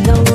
don't